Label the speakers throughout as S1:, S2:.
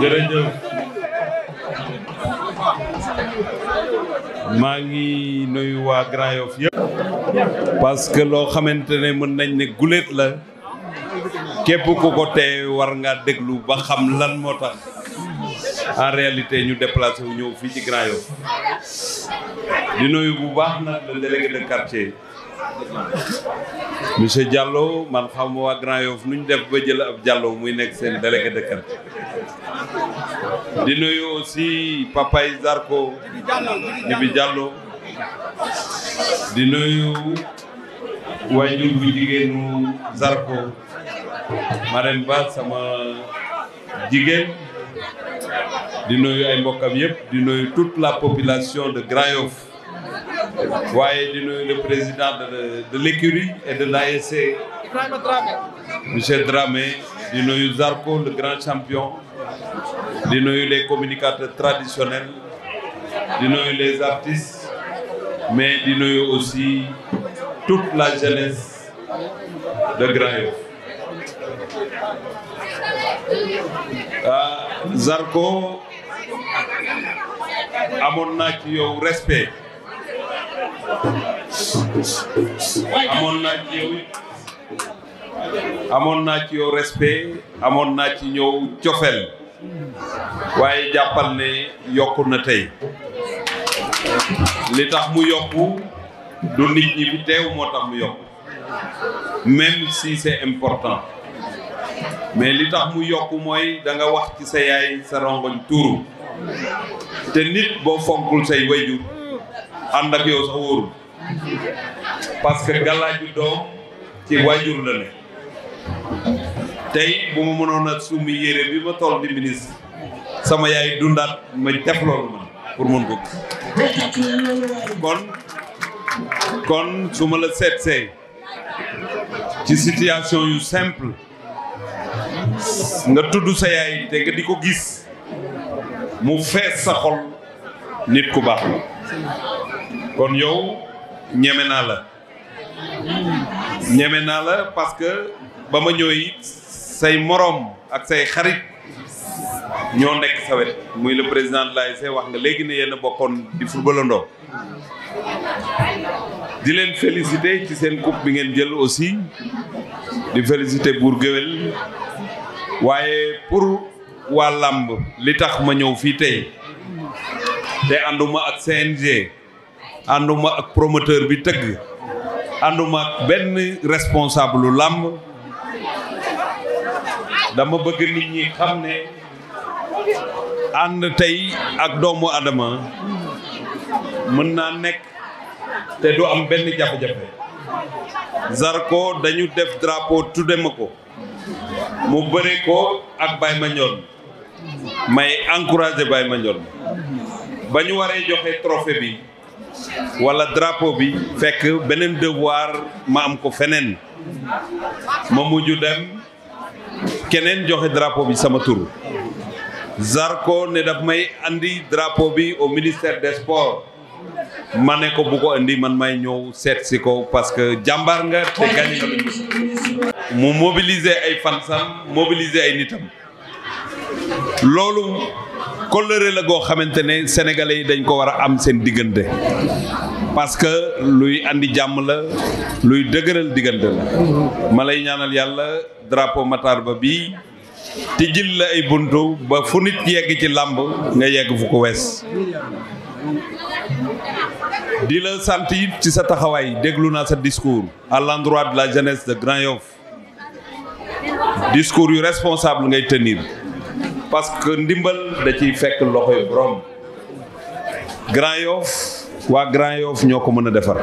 S1: jërëjëf maa ngi nuyu waa Grand Yoff yëpp parce loo xamante ne mën nañ ne guléet la képp ku ko tee war nga déglu ba xam lan moo tax en réalité ñu déplacé wu ñëw fii ci Grand Yoff di nuyu bu baax nag le délégué quartier monsieur Diallo man xaw ma waa Grand Yoff nu ñu def ba jël ab Diallo muy nekk seen délégué de quartier di nuyu aussi papa yi Zarko Jibi Diallo di nuyu waajur bu jigéenu Zarko Marème Ba sama jigéen di nuyu ay mbokkam yëpp di nuyu tout la population de Grand Yoff waaye di nuyu le président de de l'écurie et de l'ASC monsieur Dramé di nuyu Zarko le grand champion di nuyu les communicateurs traditionnels di nuyu les artistes mais di nuyu aussi toute la jeunesse de Grand-Yoff ah Zarko amoon naa ci yow respect amoon naa ci yow amoon naa ci yow respect amoon naa ci ñëw cofeel waaye jàppal ne yokku na tey li tax mu yokku du nit ñi fi teew moo tax mu yokku même si c'est important mais li tax mu yokk mooy danga wax ci sa yaay sa rongoñ tuuru te nit boo fonkul say wayjur ànd ak yow sax wóorul parce que gàllaaju doom ci waajur la ne tey bu ma mënoon a summi yére bi ma toll di ministre sama yaay dundaat ma def man pour mën ko kon su ma la seetsee ci situation yu simple nga tudd sa yaay te nga di ko gis mu fees sa xol nit ku baax kon yow ñeme naa la ñeme naa la parce que ba ma ñëw it say moroom ak say xarit ñoo nekk sa wet muy le président de l'ASC wax nga léegi ne yéen bokkoon di footballandoo di leen féliciter ci seen coupe bi ngeen jël aussi di féliciter Bour Gueweul waaye pour waa làmb li tax ma ñëw fii tey te ànduma ak CNG ànduma ak promoteur bi tëgg ànduma ak benn responsable lu làmb dama bëgg nit ñi xam ne ànd tey ak doomu Adama mën naa nekk te du am benn jafe-jafe Zarko dañu def drapeau tu ma ko mu bëre ko ak bay Mandione may encouragé Baye Mandione ba ñu waree joxe trophée bi wala drapeau bi fekk beneen devoir ma am ko feneen ma mujj dem keneen joxe drapeau bi sama tur Zarko ne daf may indi drapeau bi au ministère des sports ma ne ko bu ko andi man may ñëw seet si ko parce que jàmbaar nga te gagné mu mobiliser ay fansam mobiliser ay nitam loolu kóllëre la goo xamante ne sénégalais yi dañ ko war a am seen diggante parce que luy indi jàmm la luy dëgëral diggante la ma ñaanal yàlla drapeau Matar bi bii tijjil la ay buntu ba fu nit yegg ci làmb nga yegg fu ko wees di la sant it ci sa taxawaay déglu naa sa discours à l'endroit de la jeunesse de Grand Yoff discours yu responsable ngay tenir parce que ndimbal da ciy fekk loxoy borom Grand Yoff waa Grand Yoff ñoo ko mën a defar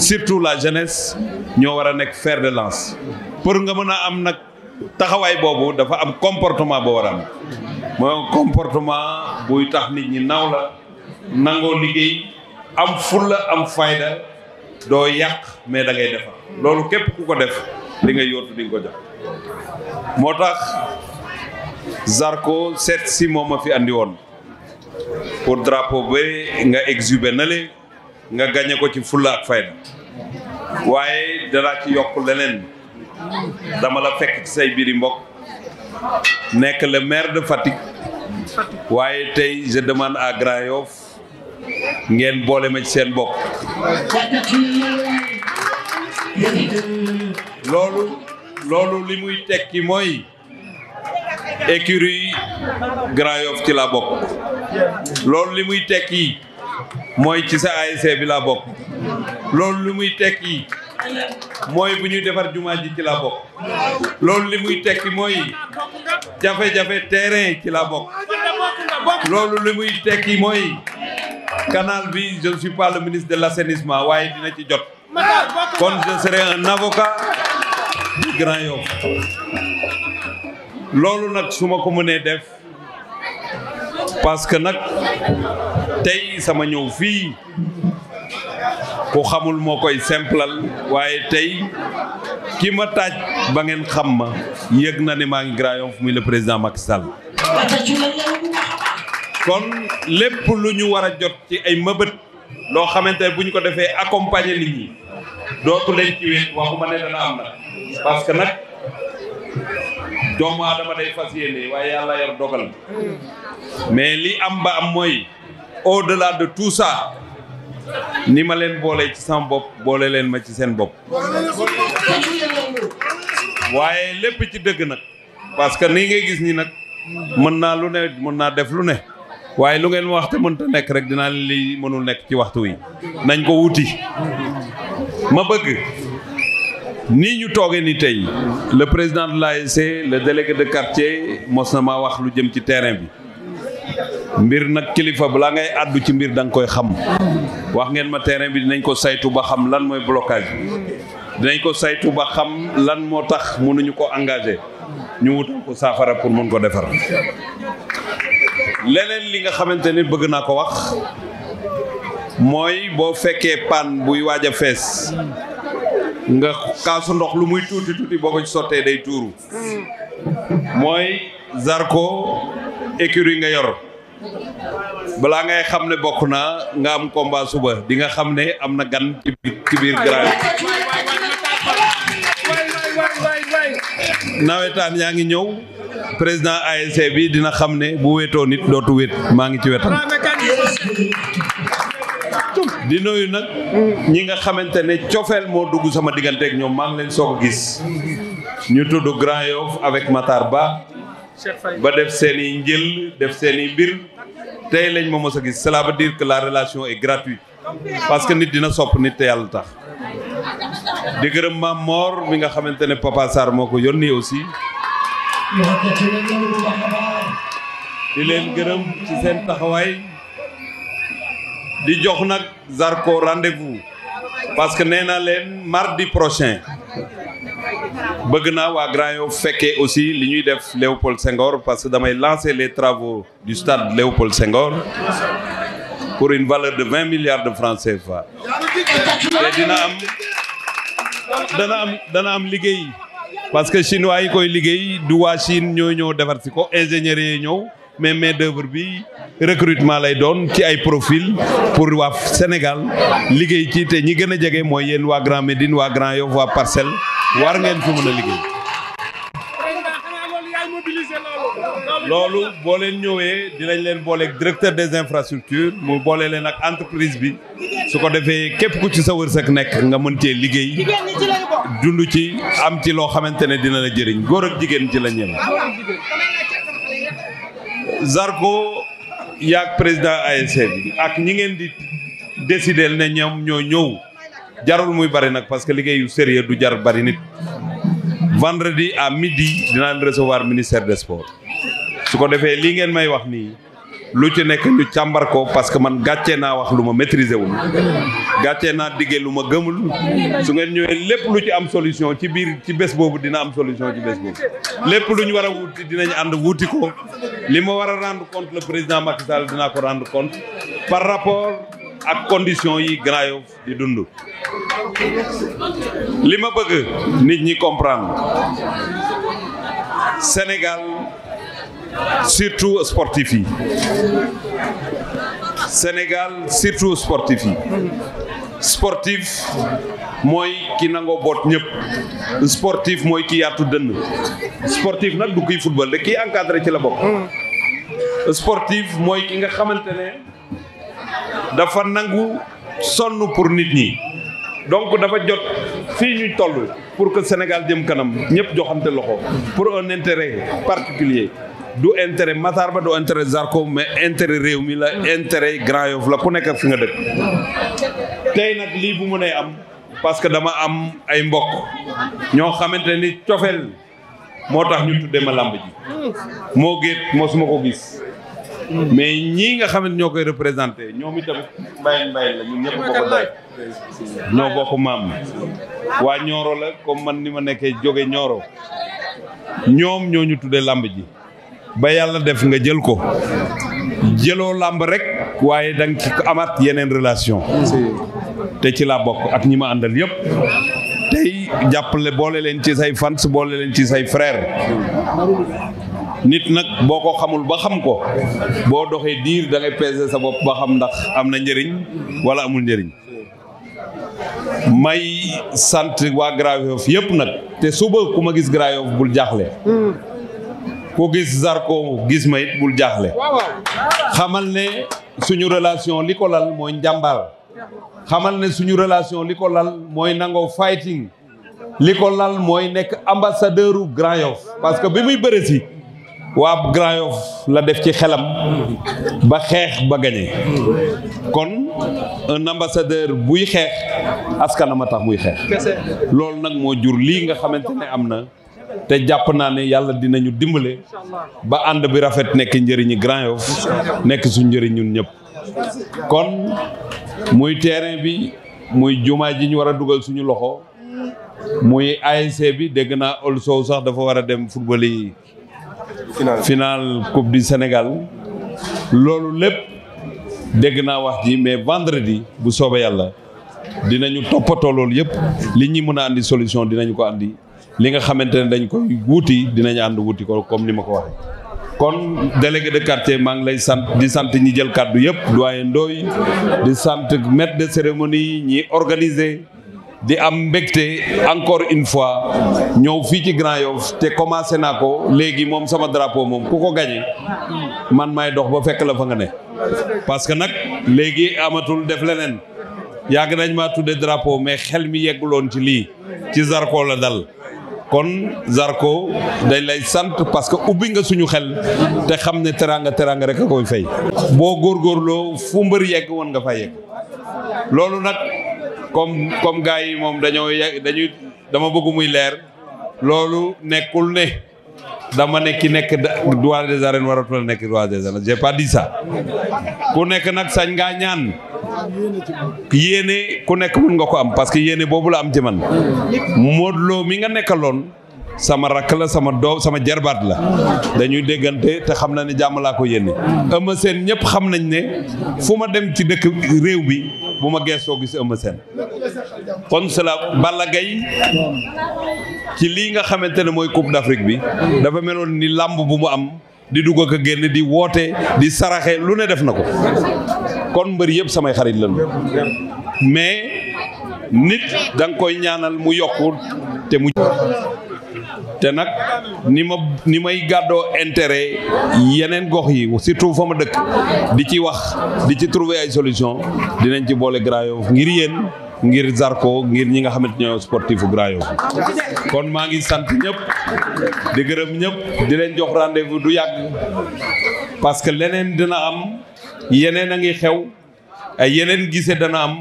S1: surtout la jeunesse ñoo war a nekk fer de lance pour nga mën a am nag taxawaay boobu dafa am comportement boo war a am mooy comportement buy tax nit ñi naw la nangoo liggéey am fulla am fayda doo yàq mais da ngay defar loolu képp ku ko def li nga yóotu di ko jox moo tax Zarko seet si moom ma fi andi woon pour drapeau ba nga exhibé na le nga gagné ko ci fulla ak waaye danaa ci yokk leneen dama la fekk ci say biiri mbokk nekk la maire de Fatick waaye tey je demande à Grand Yoff ngeen boole ma ci seen bopp loolu loolu li muy tekki mooy écurie Grand Yoff ci laa bokk loolu li muy tekki mooy ci sa bi laa bokk loolu muy tekki mooy bu ñuy defar jumaa ji ci laa bokk loolu li muy tekki mooy jafe-jafe terrain ci laa bokk loolu li muy tekki mooy canal bi je ne suis pas le ministre de l'assainissement waaye dina ci jot kon je serai avocat du Grand Yoff loolu nag su ma ko mënee def parce que nag tey sama ñëw fii ku xamul moo koy simplal waaye tey kii ma taaj ba ngeen xam ma yëg na ne maa ngi Grand Yoff muy le président Macky kon lépp lu ñu war a jot ci ay mëbët loo xamante ne bu ñu ko defee accompagner nit ñi dootu leen ci wéet waxuma ne dana am na parce nag doom doomu aadama day fas yéene waaye yàlla yor dogal mais li am ba am mooy au delà de tout ça ni ma leen boole ci sama bopp boole leen ma ci seen bopp waaye lépp ci dëgg nag parce que nii ngay gis nii nag mën naa lu ne mën naa def lu ne waaye lu ngeen wax te mënta nekk rek dinaa li mënul nekk ci waxtu wi nañ ko wuti ma bëgg nii ñu toogee ni tey le président de l'ASC le délégué de quartier mos na maa wax lu jëm ci terrain bi mbir nag kilifa balaa ngay àddu ci mbir danga koy xam wax ngeen ma terrain bi dinañ ko saytu ba xam lan mooy blocage dinañ ko saytu ba xam lan moo tax mënuñu ko engagé ñu wutal ko saafara pour mën ko defar leneen li nga xamante ni bëgg naa ko wax mooy boo fekkee paan buy waaj a fees nga kaasu ndox lu muy tuuti tuuti boo ko ci sottee day tuuru mooy Zarko écurie nga yor balaa ngay xam ne bokk naa nga am combat suba di nga xam ne am na gan ci biir grand nawetaan yaa ngi ñëw président ASC bi dina xam ne bu wéetoo nit dootu wéet maa ngi ci wetam di nuyu nag ñi nga xamante ne cofeel moo dugg sama diggante ak ñoom maa lañ leen soog gis ñu tudd Grand Yoff avec Matar Ba ba def seeni i njël def seeni mbir tey lañ ma mos a gis cela veut dire que la relation est gratuite parce que nit dina sopp nit te yàlla tax di gërëm maam Mor mi nga xamante ne Papa Sarr moo ko yónni aussi di leen gërëm ci seen taxawaay di jox nag Zarko rendez-vous parce que nee naa leen mardi prochain bëgg naa waa Grand Yoff fekkee aussi li ñuy def Léopold Senghor parce que damay lancé les travaux du stade Léopold Senghor pour une valeur de vingt milliards de francs CFA te dina am dana am am liggéey parce que chinois yi koy liggéey du waa Chine ñëw defar si ko ingénieurs yi ñëw mais main d'œuvre bi recrutement lay doon ci ay profil pour waa Sénégal liggéey ci te ñi gën a jege mooy yéen waa Grand Médine waa Grand Yoff waa parcelle war ngeen fi mën a liggéey. loolu boo leen ñëwee dinañ leen booleeg directeur des infrastructures mu boole leen ak entreprise bi su ko defee képp ku ci sa wërsëg nekk nga mën cee liggéey dund ci am ci loo xamante ne dina la jëriñ góor ak jigéen ci la ñem Zarko yaag président ASC bi ak ñi ngeen di décider ne ñoom ñoo ñëw jarul muy bari nag parce que liggéeyu sérieux du jar bari nit vendredi à midi dinaa leen recevoir ministère des sports su ko defee lii ngeen may wax nii lu ci nekk ñu càmbar ko parce que man gàccee naa wax lu ma maîtriser wul gàccee naa diggee lu ma gëmul su ngeen ñëwee lépp lu ci am solution ci biir ci bés boobu dina am solution ci bés boobu lépp lu ñu war a wuti dinañ ànd wuti ko li ma war a rendre compte le président Macky Sall ko rendre compte par rapport ak condition yi Grand di dund li ma bëgg nit ñi comprendre Sénégal surtout sportif yi Sénégal surtout sportif yi sportif mooy ki nangoo boot ñëpp sportif mooy ki yaatu dënn sportif nag du kiy football de kiy encadré ci la bokk sportif mooy ki nga xamante ne dafa nangu sonn pour nit ñi donc dafa jot fii ñuy toll pour que Sénégal jëm kanam ñëpp joxante loxo pour un intérêt particulier du intérêt Matar Ba du intérêt Zarko mais intérêt réew mi la intérêt Grand Yoff la ku nekk ak fi nga dëkk tey nag lii bu nee am parce que dama am ay mbokk ñoo xamante ni cofeel moo tax ñu tuddee ma làmb ji moo géet ko gis mais ñii nga xamante ñoo koy représenté ñoom itam mbayin mbayin la ñun ñëpp bokk day ñoo bokk maam waa Nioro la comme man ni ma nekkee jóge Nioro ñoom ñoo ñu tuddee làmb ji ba yàlla def nga jël ko jëloo làmb rek waaye da nga amaat yeneen relation te ci la bokk ak ñi ma àndal yëpp tey jàppale boole leen ci say fans boole leen ci say frère nit nag boo ko xamul ba xam ko boo doxee diir da ngay peser sa bopp ba xam ndax am na njëriñ wala amul njëriñ may sant waa Grand Yoff yëpp nag te suba ku ma gis Grand Yoff bul jaaxle hmm. ku gis Zarko gis ma it bul jaaxle xamal ne suñu relation li ko lal mooy njàmbaar xamal ne suñu relation li ko lal mooy nangoo fighting li ko lal mooy nekk ambassadeur u Grand Yoff parce que bi muy bëre si waa Grand Yoff la def ci xelam ba xeex ba gañe kon un ambassadeur buy xeex askanama tax muy xeex loolu nag moo jur lii nga xamante ne am na te jàpp naa ne yàlla dinañu dimbale ba ànd bi rafet nekk njëriñu Grand Yoff nekk suñ njëriñ ñun ñëpp kon muy terrain bi muy jumaa ji ñu war a dugal suñu loxo muy ASC bi dégg naa ol sow sax dafa war a dem football yi final coupe du Sénégal loolu lépp dégg naa wax ji mais vendredi bu soobee yàlla dinañu toppatoo loolu yëpp li ñuy mën a andi solution dinañu ko àndi li nga xamante ne dañ koy wuuti dinañ ànd wuuti ko comme ni ma ko waxee kon délégué de quartier maa lay sant di sant ñi jël kàddu yëpp doyen ndoy di sant maître de cérémonie ñi organiser di am mbégte encore une fois ñëw fii ci Grand Yoff te commencé naa ko léegi moom sama drapeau moom ku ko gañee man may dox ba fekk la fa nga ne parce que nag léegi amatul def leneen yàgg nañ ma maa tudde drapeau mais xel mi yegguloon ci lii ci Zarko la dal kon Zarko day lay sant parce que ubbi nga suñu xel te xam ne teraanga teraanga rek a koy fay boo góor góorloo fu mbër yegg woon nga fa yegg loolu nag comme comme gars yi moom dañoo yegg dañuy dama bëgg muy leer loolu nekkul ne dama ne ki nekk roi des arènes waratul a nekk roi des arènes j'ai ku nekk nag sañ ngaa ñaan yéene ku nekk mën nga ko am parce que yéene boobu la am ci man Modou Lo mi nga nekkaloon sama rakk la sama doom sama jarbaat la dañuy déggante te xam na ne jàmm laa ko yéene. Eumeu Sène ñëpp xam nañ ne fu ma dem ci dëkk réew bi bu ma geesoo gis Eumeu Sène kon cela ci lii nga xamante ne mooy Coupe d'Afrique bi dafa meloon ni làmb bu mu am di dugg ak a génn di woote di saraxe lu ne def na ko kon mbër yëpp samay xarit lañu mais nit danga koy ñaanal mu yokku te mu te nag ni ma ni may gàddoo intéret yeneen gox yi surtout fa ma dëkk di ci wax di ci trouver ay solution dinañ ci boole Grand Yoff ngir yéen ngir Zarko ngir ñi nga xamante ñoo sportifu Grand Yoff kon maa ngi sant ñëpp di gërëm ñëpp di jox rendez-vous du yàgg parce que leneen dina am yeneen a ngi xew ay yeneen gise dana am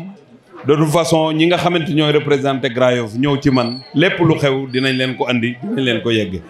S1: de toute façon ñi nga xamante ñooy représenté Grand Yoff ñëw ci man lépp lu xew dinañ leen ko andi dinañ leen ko yegg